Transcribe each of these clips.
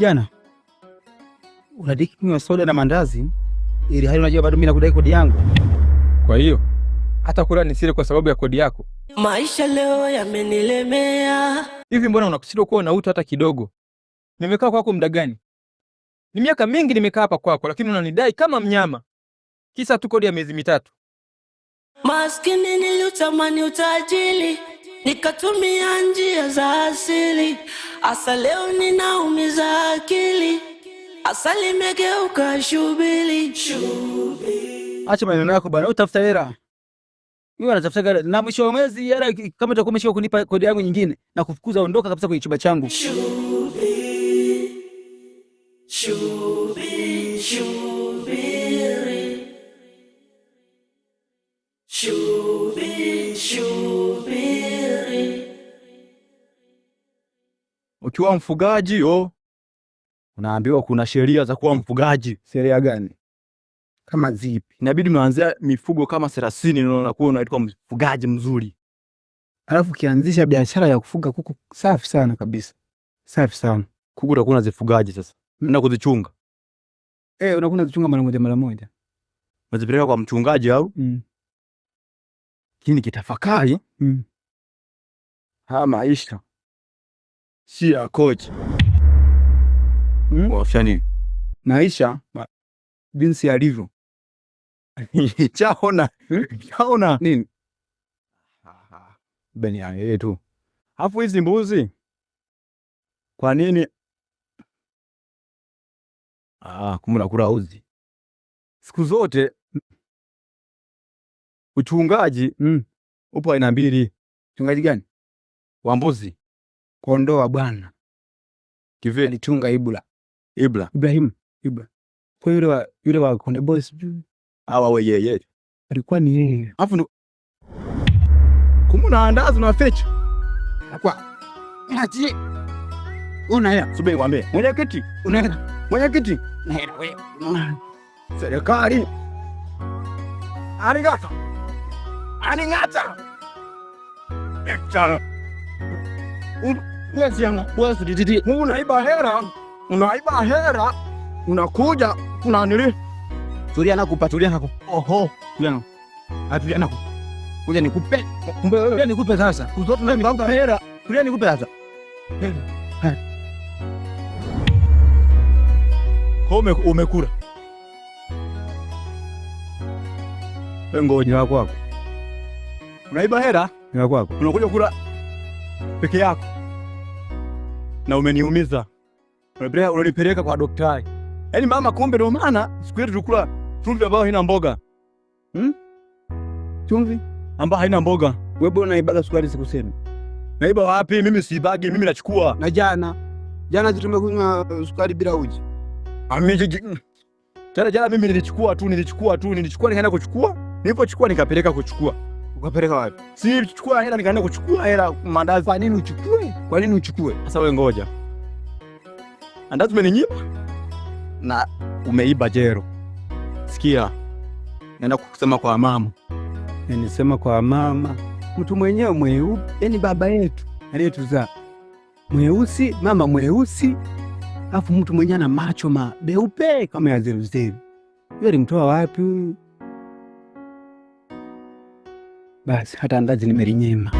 Kijana, unadiki kunywa soda na mandazi ili hali unajua bado mimi nakudai kodi yangu. Kwa hiyo hata kula nisile kwa sababu ya kodi yako. Maisha leo yamenilemea hivi. Mbona unakusida kuwa na utu hata kidogo? Nimekaa kwako muda gani? Ni miaka mingi nimekaa hapa kwako, lakini unanidai kama mnyama, kisa tu kodi ya miezi mitatu. Maskini nilitamani utajili nikatumia njia za asili, hasa leo ninaumiza akili, hasa limegeuka shubili. Acha maneno yako bwana, utafuta hela hiyo, anatafuta hela, na mwisho wa mwezi hela kama utakuwa umeshika kunipa kodi yangu nyingine na kufukuza, ondoka kabisa kwenye chumba changu. Shubili, shubili, shubili. Ukiwa mfugaji yo oh. unaambiwa kuna sheria za kuwa mfugaji. Sheria gani? Kama zipi? Inabidi mwanzia mifugo kama 30 ndio unakuwa unaitwa mfugaji mzuri. Alafu ukianzisha biashara ya kufuga kuku, safi sana kabisa, safi sana. Kuku utakuwa unazifugaji sasa na kuzichunga eh, unakuwa unazichunga mara moja mara moja, unazipeleka kwa mchungaji au mm. Kini kitafakari mm. Ha, maisha si ya kocha hmm? Naisha jinsi alivyo chaona hmm? chaona nini benia yetu, alafu hizi mbuzi kwa nini? Ah, kumla kula uzi siku zote uchungaji mm. Upo aina mbili. Uchungaji gani? Wa mbuzi kondoo wa Bwana. Kivipi? Alitunga Ibla. Ibla. Ibrahim. Ibla. Kwa yule wa yule wa Konde Boys juu. Hawa wa yeye. Alikuwa ni yeye. Alafu kumuna andazi na fetch. Akwa. Haji. Una hela. Subiri kwambie. Mwenyekiti, una hela. Mwenyekiti, una hela wewe. Serikali. Arigata. Arigata. Ekta. Un um- Pesa ya kwanza DDD. unaiba hera, unaiba hera, unakuja, una nini? Tulia nakupa, tulia nakupa. Oho, tulia nakupa. Atulia nakupa. Kuja nikupe. Kumbe wewe nikupe sasa. Kuzote na mlango hera. Tulia nikupe sasa. Kome umekula. Eh, Ngo ni wako wako. Unaiba hera? Ni wako wako. Unakuja kula peke yako na umeniumiza, Umebrea unanipeleka kwa daktari. Yaani mama, kumbe ndio maana siku yetu tulikula chumvi ambayo haina mboga hmm? chumvi ambayo haina mboga. Wewe bwana unaibaga sukari, sikusema naiba wapi? Mimi siibagi, mimi nachukua. Na jana jana tumekunywa sukari bila uji Amiji. jana jana, mimi nilichukua tu nilichukua tu nilichukua, nikaenda kuchukua, nilipochukua nikapeleka kuchukua. Ukapeleka wapi? Si chukua hela, nikaenda kuchukua hela mandazi. Kwa nini uchukue kwa nini uchukue? Sasa wewe ngoja. Andazi umeninyima na umeiba jero. Sikia, naenda kusema kwa mama. Nisema kwa mama, mtu mwenyewe mweupe, yani baba yetu aliyetuzaa mweusi, mama mweusi, afu mtu mwenyewe ana macho mabeupe kama ya zeruzeru. Hiyo alimtoa wapi? Basi hata andazi nimelinyima.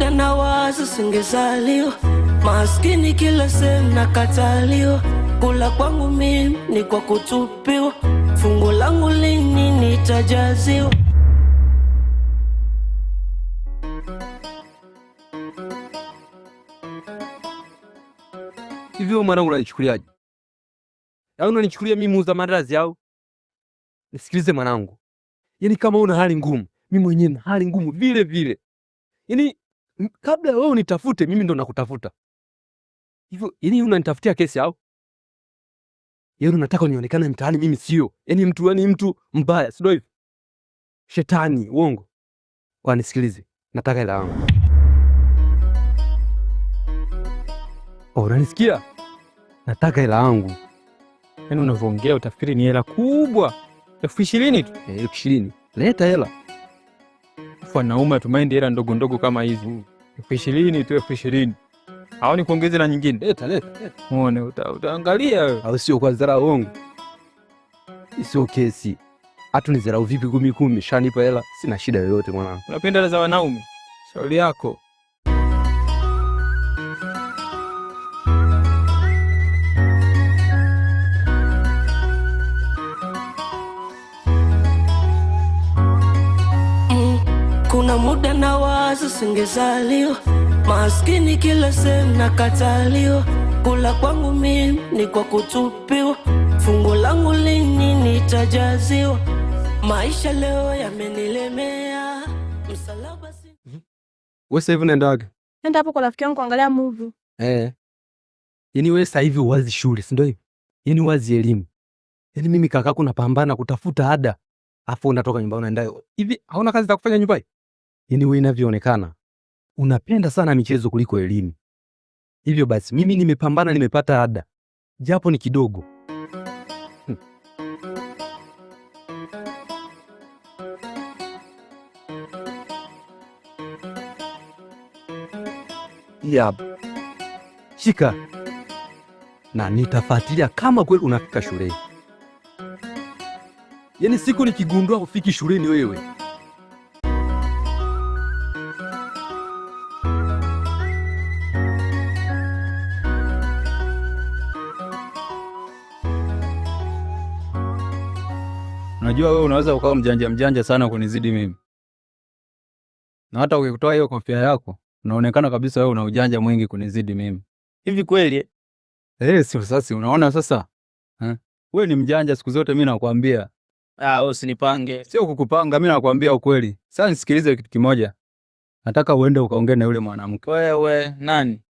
muda na wazo singezaliwa, maskini kila sehemu nakataliwa, kula kwangu mimi ni kwa kutupiwa, fungu langu lini nitajaziwa? Hivyo mwanangu, unanichukuliaje? Au yaani unanichukulia mimi muuza maandazi au? Nisikilize mwanangu, yaani kama una hali ngumu, mimi mwenyewe na hali ngumu vile vile, yaani kabla wewe unitafute mimi ndo nakutafuta hivyo. Yani unanitafutia kesi au yeye yaani unataka nionekane mtaani mimi sio? Yani mtu yani mtu mbaya, sio hivyo? Shetani, uongo. Wanisikilize, nataka hela yangu. Oh, unanisikia? Nataka hela yangu. Yani unavyoongea utafikiri ni hela kubwa, elfu ishirini tu, eh, elfu ishirini. Leta hela. Wanaume tumaini hela ndogo ndogo kama hizi elfu ishirini tu, elfu eh, ishirini au ni na nyingine? Leta leta muone, utaangalia wewe, au sio? Kwa dharau wangu sio kesi, hatu ni dharau vipi? kumi kumi, shanipa hela, sina shida yoyote mwanangu. Unapenda za wanaume, shauri yako. muda na wazo singezaliwa, maskini kila sehemu nakataliwa, kula kwangu mimi ni kwa kutupiwa, fungu langu lini nitajaziwa? Maisha leo yamenilemea, msalaba si wewe. Sasa hivi unaendaga? Nenda hapo kwa rafiki yangu kuangalia movie. Eh, yaani wewe sasa hivi uwazi shule, sindo ndio hivi? Yaani uwazi elimu, yaani mimi kakaku kuna pambana kutafuta ada, afu unatoka nyumbani unaenda hivi, hauna kazi za kufanya nyumbani? yani wewe inavyoonekana unapenda sana michezo kuliko elimu. Hivyo basi mimi nimepambana, nimepata ada japo ni kidogo. Hmm. Ya. Shika na nitafuatilia kama kweli unafika shuleni. Yaani siku nikigundua ufiki shuleni wewe unaweza ukawa mjanja mjanja sana kunizidi mimi, na hata ukitoa hiyo kofia yako unaonekana kabisa wewe una ujanja mwingi kunizidi mimi. Hivi kweli? Eh, sio sasa unaona sasa eh? Wewe ni mjanja siku zote, mimi nakwambia. Ah, wewe usinipange. Sio kukupanga, mimi nakwambia ukweli. Sasa nisikilize kitu kimoja, nataka uende ukaongee na yule mwanamke. Wewe nani?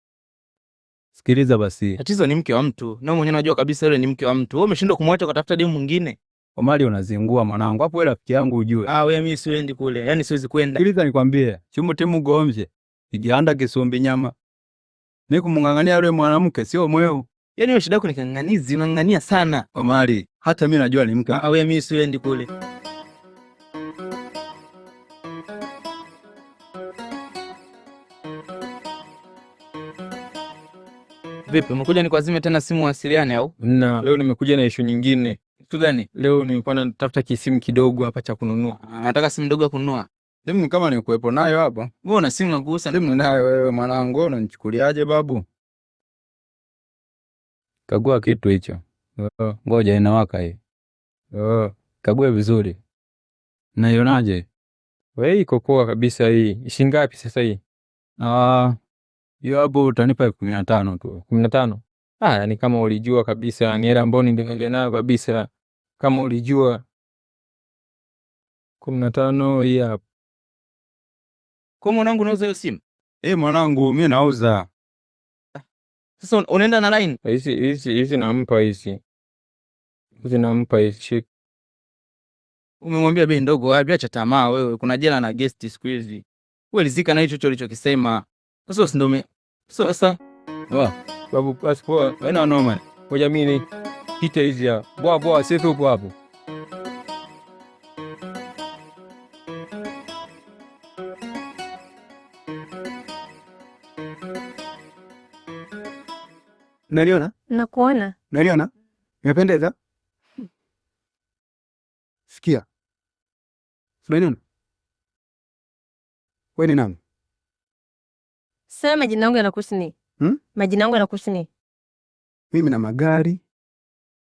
Sikiliza basi, tatizo ni mke wa mtu na mwenyewe unajua kabisa yule ni mke wa mtu. Wewe umeshindwa kumwacha ukatafuta demu mwingine. Omari, unazingua mwanangu. Hapo wewe rafiki yangu ujue. Ah, wewe mimi siwendi kule. Yaani siwezi kwenda. Sikiliza nikwambie. Chumu timu gomje. Ijianda kisumbi nyama. Ni mungangania yule mwanamke sio mweu. Yaani wewe shida yako ni kang'anizi, unang'ania sana. Omari, hata mimi najua ni mka. Ah, wewe mimi siwendi kule. Vipi, umekuja nikwazime tena simu wasiliane au? Na leo nimekuja na issue nyingine kitu gani? Leo nilikuwa natafuta kisimu kidogo hapa cha kununua. Ah, nataka simu ndogo ya kununua. Simu kama nikuwepo nayo hapa. Wewe una simu nakugusa. Simu nayo wewe mwanangu, unanichukuliaje babu? Kagua kitu hicho. Oh. Ngoja inawaka hii. Oh, Kagua vizuri. Naionaje? Wewe iko poa kabisa hii. Shilingi ngapi sasa hii? Ah, hiyo hapo utanipa 15 tu. 15. Ah, ni kama ulijua kabisa ni hela ambayo ndio nayo kabisa kama ulijua kumi na tano hii hapa. Kwa mwanangu, unauza hiyo simu? Eh, mwanangu, mimi nauza. Sasa unaenda na line hizi hizi hizi, nampa hizi hizi, nampa hizi. Umemwambia bei ndogo wapi? Acha tamaa wewe, kuna jela na guest siku hizi. Wewe lizika na hicho chocho ulichokisema. Sasa usindio sasa, Wa. babu, basi poa, na noma kwa jamii. ni. Itaisha. Boa boa, safi upo Nakuona. Naliona? Mependeza? Sikia. Unaniona? Wewe ni nani? Sema majina yangu yanakuhusu nini? Hmm? Majina yangu yanakuhusu nini? Mimi na magari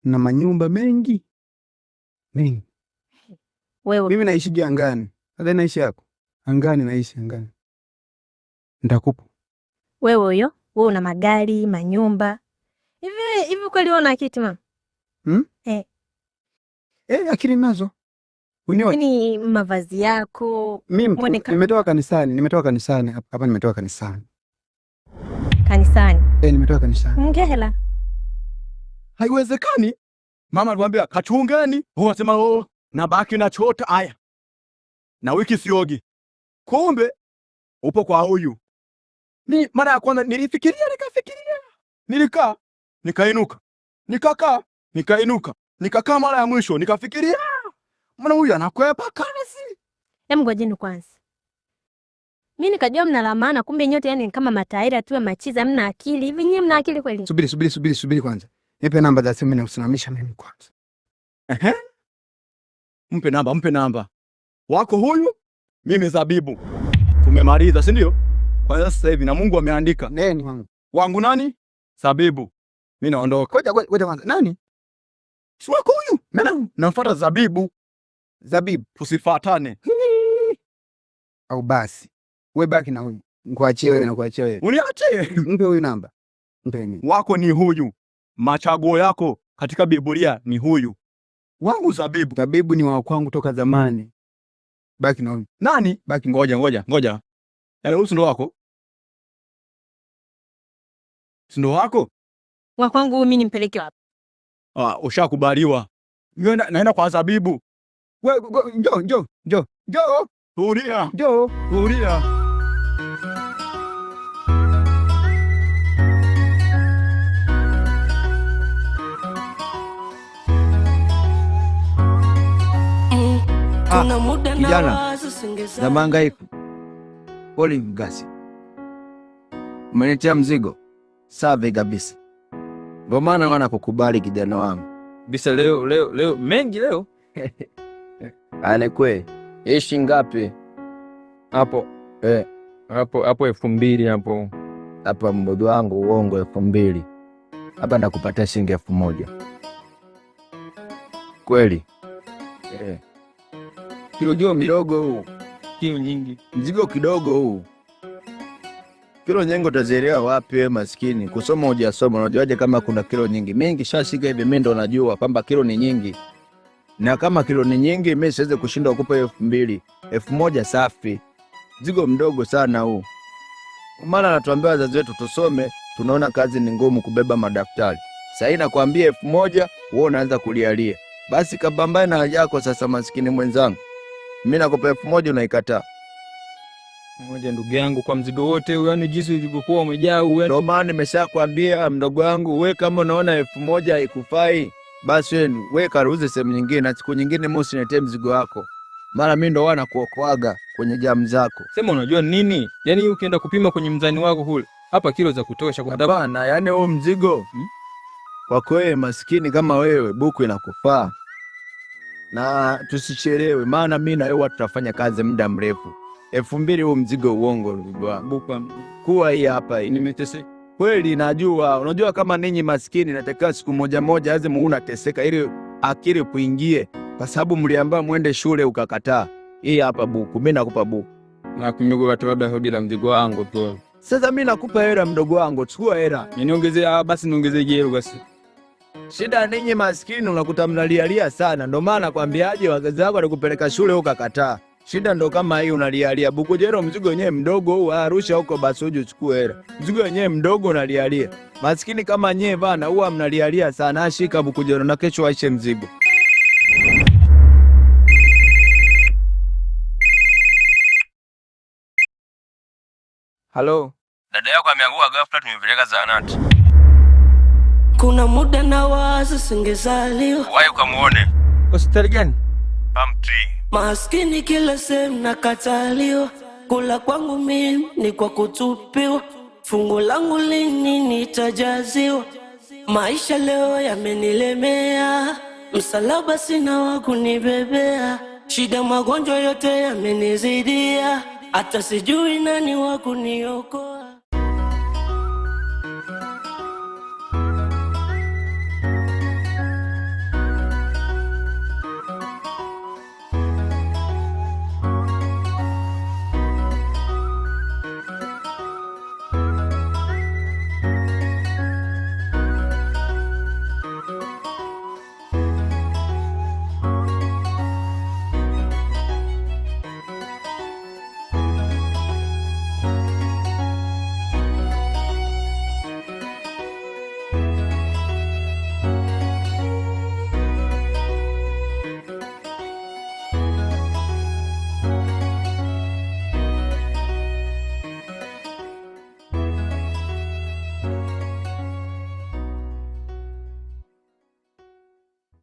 na manyumba mengi mengi. Wewe mimi naishi juu angani, hata naishi yako angani, naishi angani, ndakupa wewe huyo. Wewe una magari, manyumba hivi hivi, kweli una akiti mama? hmm? eh. Eh, akili nazo ni mavazi yako. Mimi nimetoka kanisani, nimetoka kanisani hapa, nimetoka kanisani kanisani, eh, nimetoka kanisani. Ongea okay, haiwezekani. Mama alimwambia kachungeni, wasema oh, na baki na chota haya na wiki siogi, kumbe upo kwa huyu. Ni mara ya kwanza nilifikiria, nikafikiria, nilikaa, nikainuka, nikakaa, nikainuka, nikakaa mara ya mwisho, nikafikiria, mbona huyu anakwepa kanisi? Hem, ngojeni kwanza mi nikajua mna la maana, kumbe nyote yani kama matairi tu ya machiza, mna akili hivi. Nyie mna akili kweli? Subiri, subiri, subiri, subiri kwanza Nipe namba za simu nikusimamisha mimi kwanza. Ehe. Mpe namba, mpe namba. Wako huyu, mimi zabibu. Tumemaliza, si ndio? Kwa hiyo sasa hivi na Mungu ameandika. Nani wangu? Wangu nani? Zabibu. Mimi naondoka. Ngoja ngoja kwanza. Nani? Si wako huyu. Mimi namfuata Zabibu. Zabibu, tusifuatane. Au basi. Wewe baki na huyu. Nikuachie wewe, na nakuachia wewe. Uniachie. Mpe huyu namba. Mpe. Wako ni huyu machaguo yako katika Biblia ni huyu wangu zabibu. Zabibu ni wa kwangu toka zamani. Baki na nani? Baki ngoja ngoja ngoja, yale yaani huyu ndo wako, ndo wako wa kwangu. Mimi nimpeleke wapi? Ah, ushakubaliwa. Mimi naenda kwa zabibu. Wewe njoo njoo njoo njoo, huria, njoo huria. Ah, kijana na mahangaiko. poli mgasi, umenitia mzigo safi kabisa. Ndio maana kukubali kijana wangu bisa. Leo leo leo mengi leo anekwe yaani ishi ngapi hapo eh, hapo hapo elfu mbili hapo hapa mdogo wangu, uongo elfu mbili hapa, ndakupatia shilingi elfu moja kweli eh? Kilojoo midogo huu, kilo nyingi, mzigo kidogo huu. Kilo nyingi utazielewa wapi wewe maskini? Kusoma hujasoma, unajuaje kama kuna kilo nyingi? Mimi nikishashika hivi mimi ndo najua kwamba kilo ni nyingi, na kama kilo ni nyingi mimi siwezi kushinda kukupa elfu mbili elfu moja safi. Mzigo mdogo sana huu, maana natuambia wazazi wetu tusome, tunaona kazi ni ngumu kubeba madaftari. Sasa nakwambia elfu moja wewe unaanza kulialia. Basi kabambae na yako sasa, maskini mwenzangu. Mimi nakupa elfu moja unaikataa. Moja ndugu yangu, kwa mzigo wote huo, yani jinsi ulivyokuwa umejaa huo. Yaani ndio maana nimeshakwambia mdogo wangu, we kama unaona elfu moja haikufai basi we karuhuze sehemu nyingine, na siku nyingine mimi usiniletee mzigo wako, mara mimi ndo wana kuokoaga kwenye jamu zako. Sema unajua nini, yani ukienda kupima kwenye mzani wako kule, hapa kilo za kutosha. kwa Hapana, yani huo mzigo hmm? Kwa kweli maskini kama wewe buku inakufaa na tusichelewe, maana mi nawewa tutafanya kazi muda mrefu. elfu mbili huu mzigo uongo, ndugu wangu, kuwa hii hapa kweli. Najua unajua kama ninyi maskini, natakiwa siku moja moja lazima unateseka ili akili kuingie, kwa sababu mliambaa mwende shule ukakataa. Hii hapa buku, mi nakupa buku la mzigo wangu tu. Sasa mi nakupa hela, mdogo wangu, chukua hela. Niongezea ah, basi, niongezee jero basi Shida ninyi maskini, unakuta mnalialia sana. ndo maana kwambiaje, wazazi wako walikupeleka shule ukakataa. Shida ndo kama hii, unalialia. Bukujero mzigo wenyewe mdogo, au Arusha huko basi uje uchukue hela. Mzigo wenyewe mdogo unalialia. Maskini kama nyie bana, huwa mnalialia sana. Ashika Bukujero na kesho aishe mzigo. Halo. Dada yako ameangua ghafla, tumepeleka zahanati. Kuna muda na waza singezaliwa. Wayo kamuone. Hospitali gani? Palm Tree. Maskini kila sehemu nakataliwa, kula kwangu mimi ni kwa kutupiwa, fungu langu lini nitajaziwa? Maisha leo yamenilemea, msalaba sina wa kunibebea, shida magonjwa yote yamenizidia, hata sijui nani wa kuniokoa.